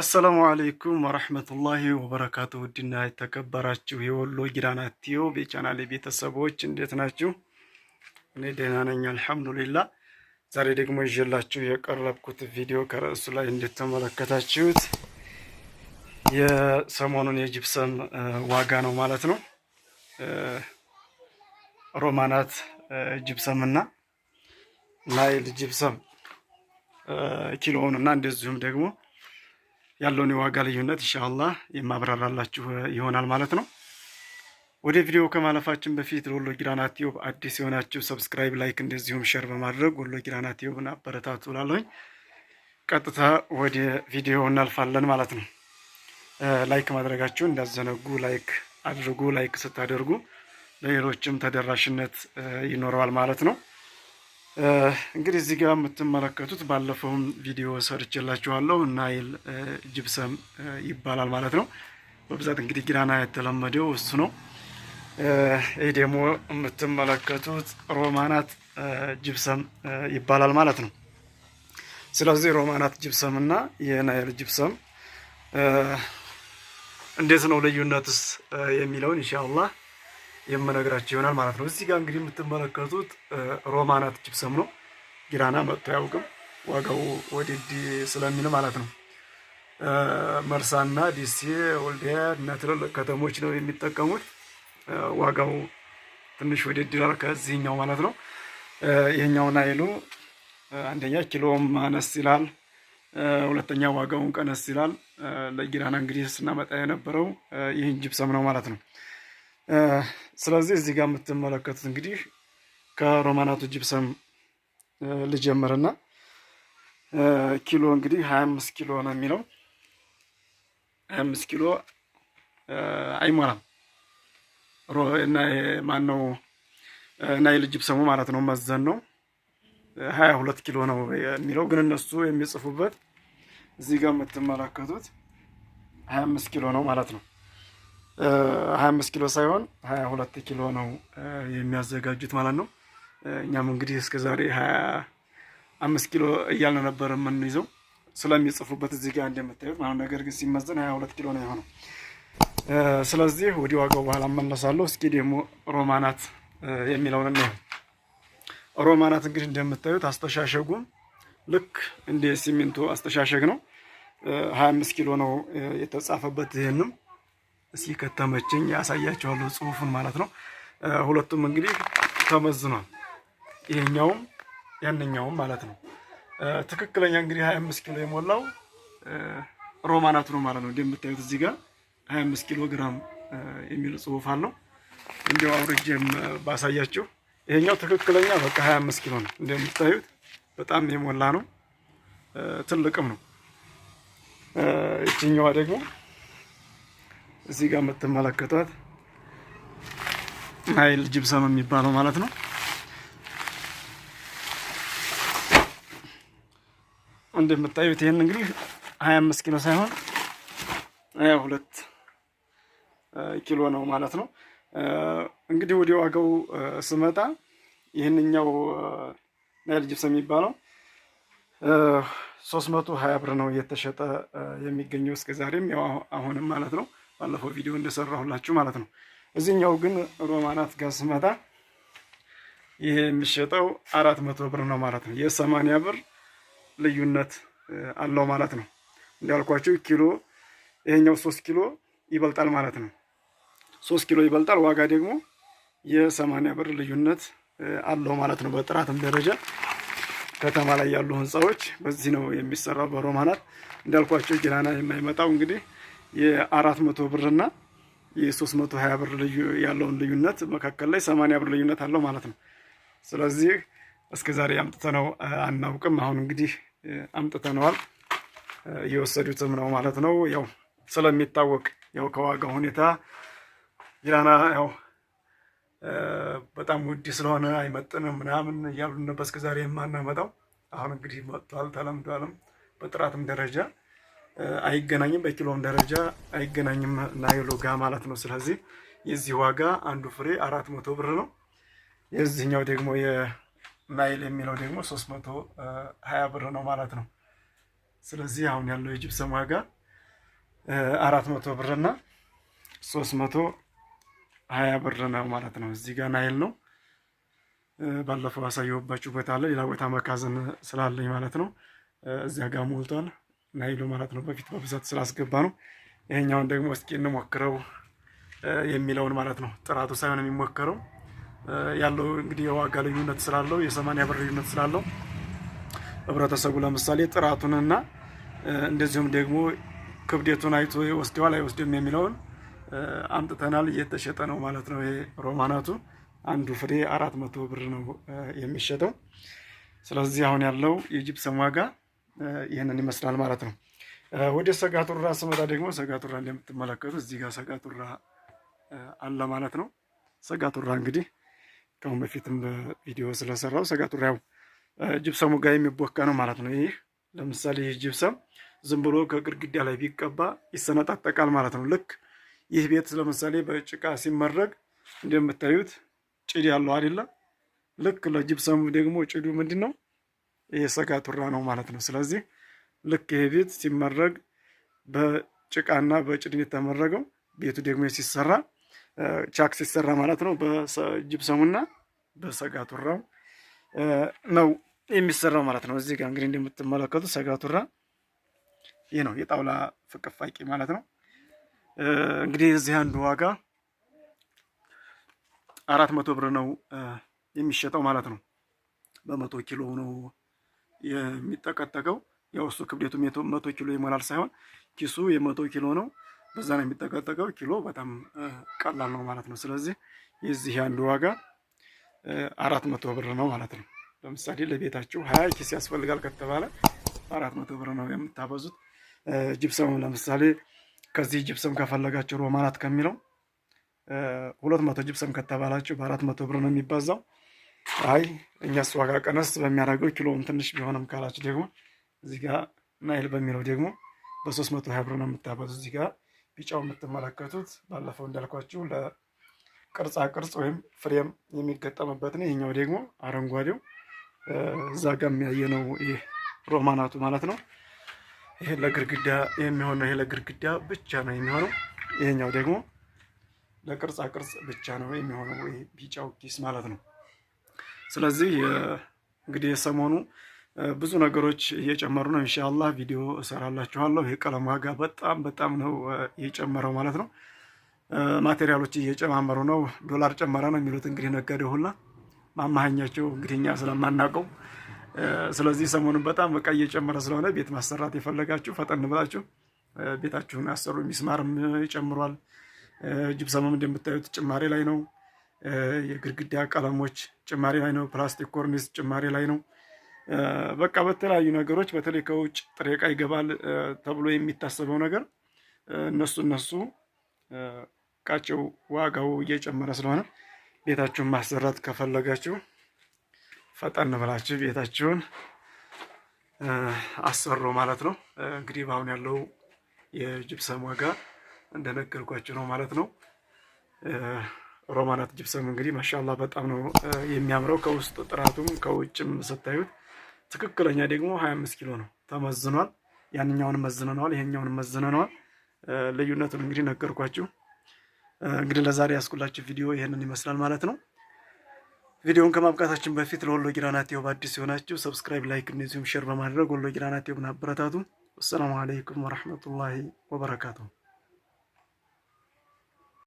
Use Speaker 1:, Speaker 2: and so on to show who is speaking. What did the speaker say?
Speaker 1: አሰላሙ አለይኩም ወረህመቱላሂ ወበረካቱ። ውድና የተከበራችሁ የወሎ ጊራና ቲዩብ የቻናሌ ቤተሰቦች እንዴት ናችሁ? እኔ ደህና ነኝ አልሐምዱሊላ። ዛሬ ደግሞ ይዤላችሁ የቀረብኩት ቪዲዮ ከርዕሱ ላይ እንደተመለከታችሁት የሰሞኑን የጅብሰም ዋጋ ነው ማለት ነው። ሮማናት ጅብሰም እና ናይል ጅብሰም ኪሎውን እና እንደዚሁም ደግሞ ያለውን የዋጋ ልዩነት እንሻላ የማብራራላችሁ ይሆናል ማለት ነው። ወደ ቪዲዮ ከማለፋችን በፊት ለወሎ ጊራና ቲዩብ አዲስ የሆናችሁ ሰብስክራይብ፣ ላይክ እንደዚሁም ሼር በማድረግ ወሎ ጊራና ቲዩብን አበረታቱ እላለሁኝ። ቀጥታ ወደ ቪዲዮ እናልፋለን ማለት ነው። ላይክ ማድረጋችሁ እንዳዘነጉ ላይክ አድርጉ። ላይክ ስታደርጉ ለሌሎችም ተደራሽነት ይኖረዋል ማለት ነው። እንግዲህ እዚህ ጋር የምትመለከቱት ባለፈውም ቪዲዮ ሰርችላችኋለሁ ናይል ጅብሰም ይባላል ማለት ነው። በብዛት እንግዲህ ጊራና የተለመደው እሱ ነው። ይህ ደግሞ የምትመለከቱት ሮማናት ጅብሰም ይባላል ማለት ነው። ስለዚህ ሮማናት ጅብሰም እና የናይል ጅብሰም እንዴት ነው ልዩነትስ የሚለውን ኢንሻአላህ የምነግራቸው ይሆናል ማለት ነው። እዚህ ጋር እንግዲህ የምትመለከቱት ሮማናት ጅፕሰም ነው። ጊራና መጥቶ አያውቅም። ዋጋው ወደድ ስለሚል ማለት ነው። መርሳና ዲሴ፣ ወልዲያ እና ትልልቅ ከተሞች ነው የሚጠቀሙት። ዋጋው ትንሽ ወደድ ይላል ከዚህኛው ማለት ነው። ይህኛው ናይሉ አንደኛ ኪሎም አነስ ይላል፣ ሁለተኛ ዋጋውን ቀነስ ይላል። ለጊራና እንግዲህ ስናመጣ የነበረው ይህን ጅብሰም ነው ማለት ነው። ስለዚህ እዚህ ጋር የምትመለከቱት እንግዲህ ከሮማናቱ ጅብሰም ልጀምርና ኪሎ እንግዲህ ሀያ አምስት ኪሎ ነው የሚለው ሀያ አምስት ኪሎ አይሞላም ማነው ናይል ጅብሰሙ ማለት ነው መዘን ነው ሀያ ሁለት ኪሎ ነው የሚለው ግን እነሱ የሚጽፉበት እዚህ ጋር የምትመለከቱት ሀያ አምስት ኪሎ ነው ማለት ነው 25 ኪሎ ሳይሆን 22 ኪሎ ነው የሚያዘጋጁት ማለት ነው። እኛም እንግዲህ እስከ ዛሬ 25 ኪሎ እያልን ነበር የምንይዘው ስለሚጽፉበት እዚህ ጋር እንደምታዩት ማለት ነገር ግን ሲመዘን 22 ኪሎ ነው የሆነው። ስለዚህ ወደ ዋጋው በኋላ እመለሳለሁ። እስኪ ደግሞ ሮማናት የሚለውን ነው። ሮማናት እንግዲህ እንደምታዩት አስተሻሸጉም ልክ እንደ ሲሚንቶ አስተሻሸግ ነው። 25 ኪሎ ነው የተጻፈበት ይህንም እስኪ ከተመቸኝ ያሳያችኋለሁ ጽሁፉን ማለት ነው። ሁለቱም እንግዲህ ተመዝኗል። ይሄኛውም ያንኛውም ማለት ነው። ትክክለኛ እንግዲህ 25 ኪሎ የሞላው ሮማናቱ ነው ማለት ነው። እንደምታዩት እዚህ ጋር 25 ኪሎ ግራም የሚል ጽሁፍ አለው። እንዲያው አውርጄም ባሳያችሁ ይሄኛው ትክክለኛ በቃ 25 ኪሎ ነው። እንደምታዩት በጣም የሞላ ነው፣ ትልቅም ነው። ይችኛዋ ደግሞ እዚህ ጋር የምትመለከቷት ናይል ጅብሰም የሚባለው ማለት ነው። እንደምታዩት ይህን እንግዲህ ሀያ አምስት ኪሎ ሳይሆን ሀያ ሁለት ኪሎ ነው ማለት ነው። እንግዲህ ወደ ዋጋው ስመጣ ይህንኛው ናይል ጅብሰም የሚባለው ሶስት መቶ ሀያ ብር ነው እየተሸጠ የሚገኘው እስከ ዛሬም ያው አሁንም ማለት ነው። ባለፈው ቪዲዮ እንደሰራሁላችሁ ማለት ነው። እዚህኛው ግን ሮማናት ጋር ስመጣ ይሄ የሚሸጠው አራት መቶ ብር ነው ማለት ነው። የሰማንያ ብር ልዩነት አለው ማለት ነው። እንዳልኳችሁ ኪሎ ይሄኛው ሶስት ኪሎ ይበልጣል ማለት ነው። ሶስት ኪሎ ይበልጣል። ዋጋ ደግሞ የሰማንያ ብር ልዩነት አለው ማለት ነው። በጥራትም ደረጃ ከተማ ላይ ያሉ ህንፃዎች በዚህ ነው የሚሰራው በሮማናት እንዳልኳቸው ጊራና የማይመጣው እንግዲህ የአራት መቶ ብርና የሶስት መቶ ሀያ ብር ያለውን ልዩነት መካከል ላይ ሰማንያ ብር ልዩነት አለው ማለት ነው። ስለዚህ እስከ ዛሬ አምጥተነው አናውቅም። አሁን እንግዲህ አምጥተነዋል እየወሰዱትም ነው ማለት ነው። ያው ስለሚታወቅ ያው ከዋጋ ሁኔታ ጊራና ያው በጣም ውድ ስለሆነ አይመጥንም ምናምን እያሉ ነበር እስከ ዛሬ የማናመጣው። አሁን እንግዲህ መጥቷል፣ ተለምዷልም በጥራትም ደረጃ አይገናኝም፣ በኪሎም ደረጃ አይገናኝም ናይሉ ጋ ማለት ነው። ስለዚህ የዚህ ዋጋ አንዱ ፍሬ አራት መቶ ብር ነው። የዚህኛው ደግሞ የናይል የሚለው ደግሞ ሶስት መቶ ሀያ ብር ነው ማለት ነው። ስለዚህ አሁን ያለው የጅብሰም ዋጋ አራት መቶ ብርና ሶስት መቶ ሀያ ብር ነው ማለት ነው። እዚህ ጋር ናይል ነው ባለፈው አሳየሁባችሁ ቦታ አለ። ሌላ ቦታ መጋዘን ስላለኝ ማለት ነው እዚያ ጋር ሞልቷል። ናይሉ ማለት ነው። በፊት በብዛት ስላስገባ ነው። ይሄኛውን ደግሞ እስኪ እንሞክረው የሚለውን ማለት ነው። ጥራቱ ሳይሆን የሚሞከረው ያለው እንግዲህ የዋጋ ልዩነት ስላለው የሰማንያ ብር ልዩነት ስላለው ህብረተሰቡ ለምሳሌ ጥራቱንና እንደዚሁም ደግሞ ክብደቱን አይቶ ወስደዋል አይወስድም የሚለውን አምጥተናል። እየተሸጠ ነው ማለት ነው። ይሄ ሮማናቱ አንዱ ፍሬ አራት መቶ ብር ነው የሚሸጠው። ስለዚህ አሁን ያለው የጂፕሰም ዋጋ ይህንን ይመስላል ማለት ነው። ወደ ሰጋቱራ ስመጣ ደግሞ ሰጋቱራ እንደምትመለከቱ እዚህ ጋር ሰጋቱራ አለ ማለት ነው። ሰጋቱራ እንግዲህ ከአሁን በፊትም በቪዲዮ ስለሰራው ሰጋቱራ ያው ጅብሰሙ ጋር የሚቦካ ነው ማለት ነው። ይህ ለምሳሌ ይህ ጅብሰም ዝም ብሎ ከግድግዳ ላይ ቢቀባ ይሰነጣጠቃል ማለት ነው። ልክ ይህ ቤት ለምሳሌ በጭቃ ሲመረግ እንደምታዩት ጭድ ያለው አይደለም። ልክ ለጅብሰሙ ደግሞ ጭዱ ምንድን ነው የሰጋ ቱራ ነው ማለት ነው። ስለዚህ ልክ ይሄ ቤት ሲመረግ በጭቃና በጭድን የተመረገው ቤቱ ደግሞ ሲሰራ ቻክ ሲሰራ ማለት ነው በጅብሰሙና በሰጋ ቱራው ነው የሚሰራው ማለት ነው። እዚህ ጋር እንግዲህ እንደምትመለከቱት ሰጋ ቱራ ይህ ነው የጣውላ ፍቅፋቂ ማለት ነው። እንግዲህ እዚህ አንዱ ዋጋ አራት መቶ ብር ነው የሚሸጠው ማለት ነው። በመቶ ኪሎ ነው የሚጠቀጠቀው የውስጡ ክብደቱ መቶ ኪሎ ይሞላል ሳይሆን ኪሱ የመቶ ኪሎ ነው። በዛ ነው የሚጠቀጠቀው። ኪሎ በጣም ቀላል ነው ማለት ነው። ስለዚህ የዚህ አንዱ ዋጋ አራት መቶ ብር ነው ማለት ነው። ለምሳሌ ለቤታችሁ ሀያ ኪስ ያስፈልጋል ከተባለ አራት መቶ ብር ነው የምታበዙት። ጅብሰሙ ለምሳሌ ከዚህ ጅብሰም ከፈለጋችሁ ሮማናት ከሚለው ሁለት መቶ ጅብሰም ከተባላችሁ በአራት መቶ ብር ነው የሚባዛው። አይ እኛ እሱ ዋጋ ቀነስ በሚያደርገው ኪሎውን ትንሽ ቢሆንም ካላችሁ ደግሞ እዚህ ጋር ናይል በሚለው ደግሞ በሶስት መቶ ብር ነው የምታበዙ። እዚህ ጋር ቢጫው የምትመለከቱት ባለፈው እንዳልኳችሁ ለቅርጻ ቅርጽ ወይም ፍሬም የሚገጠምበት ነው። ይህኛው ደግሞ አረንጓዴው እዛ ጋር የሚያየ ነው። ይህ ሮማናቱ ማለት ነው። ይሄ ለግርግዳ የሚሆን ነው። ይሄ ለግርግዳ ብቻ ነው የሚሆነው። ይሄኛው ደግሞ ለቅርጻ ቅርጽ ብቻ ነው የሚሆነው። ወይ ቢጫው ኪስ ማለት ነው። ስለዚህ እንግዲህ የሰሞኑ ብዙ ነገሮች እየጨመሩ ነው። እንሻላ ቪዲዮ እሰራላችኋለሁ። የቀለም ዋጋ በጣም በጣም ነው እየጨመረው ማለት ነው። ማቴሪያሎች እየጨማመሩ ነው። ዶላር ጨመረ ነው የሚሉት እንግዲህ ነጋዴ ሁላ ማማሃኛቸው እንግዲህ እኛ ስለማናውቀው ስለዚህ ሰሞኑን በጣም በቃ እየጨመረ ስለሆነ ቤት ማሰራት የፈለጋችሁ ፈጠን ብላችሁ ቤታችሁን ያሰሩ ሚስማርም ይጨምሯል። ጅብሰምም እንደምታዩት ጭማሪ ላይ ነው። የግድግዳ ቀለሞች ጭማሪ ላይ ነው። ፕላስቲክ ኮርኒስ ጭማሪ ላይ ነው። በቃ በተለያዩ ነገሮች በተለይ ከውጭ ጥሬ ዕቃ ይገባል ተብሎ የሚታሰበው ነገር እነሱ እነሱ እቃቸው ዋጋው እየጨመረ ስለሆነ ቤታችሁን ማሰራት ከፈለጋችሁ ፈጠን ብላችሁ ቤታችሁን አሰሩ ማለት ነው። እንግዲህ በአሁን ያለው የጅብሰም ዋጋ እንደነገርኳችሁ ነው ማለት ነው። ሮማናት ጅብሰም እንግዲህ ማሻላ በጣም ነው የሚያምረው። ከውስጥ ጥራቱም ከውጭም ስታዩት ትክክለኛ ደግሞ 25 ኪሎ ነው ተመዝኗል። ያንኛውን መዝነነዋል፣ ይሄኛውን መዝነነዋል። ልዩነቱን እንግዲህ ነገርኳችሁ። እንግዲህ ለዛሬ ያስኩላችሁ ቪዲዮ ይሄንን ይመስላል ማለት ነው። ቪዲዮውን ከማብቃታችን በፊት ለወሎ ጊራና ቲዩብ አዲስ የሆናችሁ ሰብስክራይብ፣ ላይክ እንደዚሁም ሼር በማድረግ ወሎ ጊራና ቲዩብን አበረታቱ። ወሰላሙ አለይኩም ወረህመቱላሂ ወበረካቱሁ።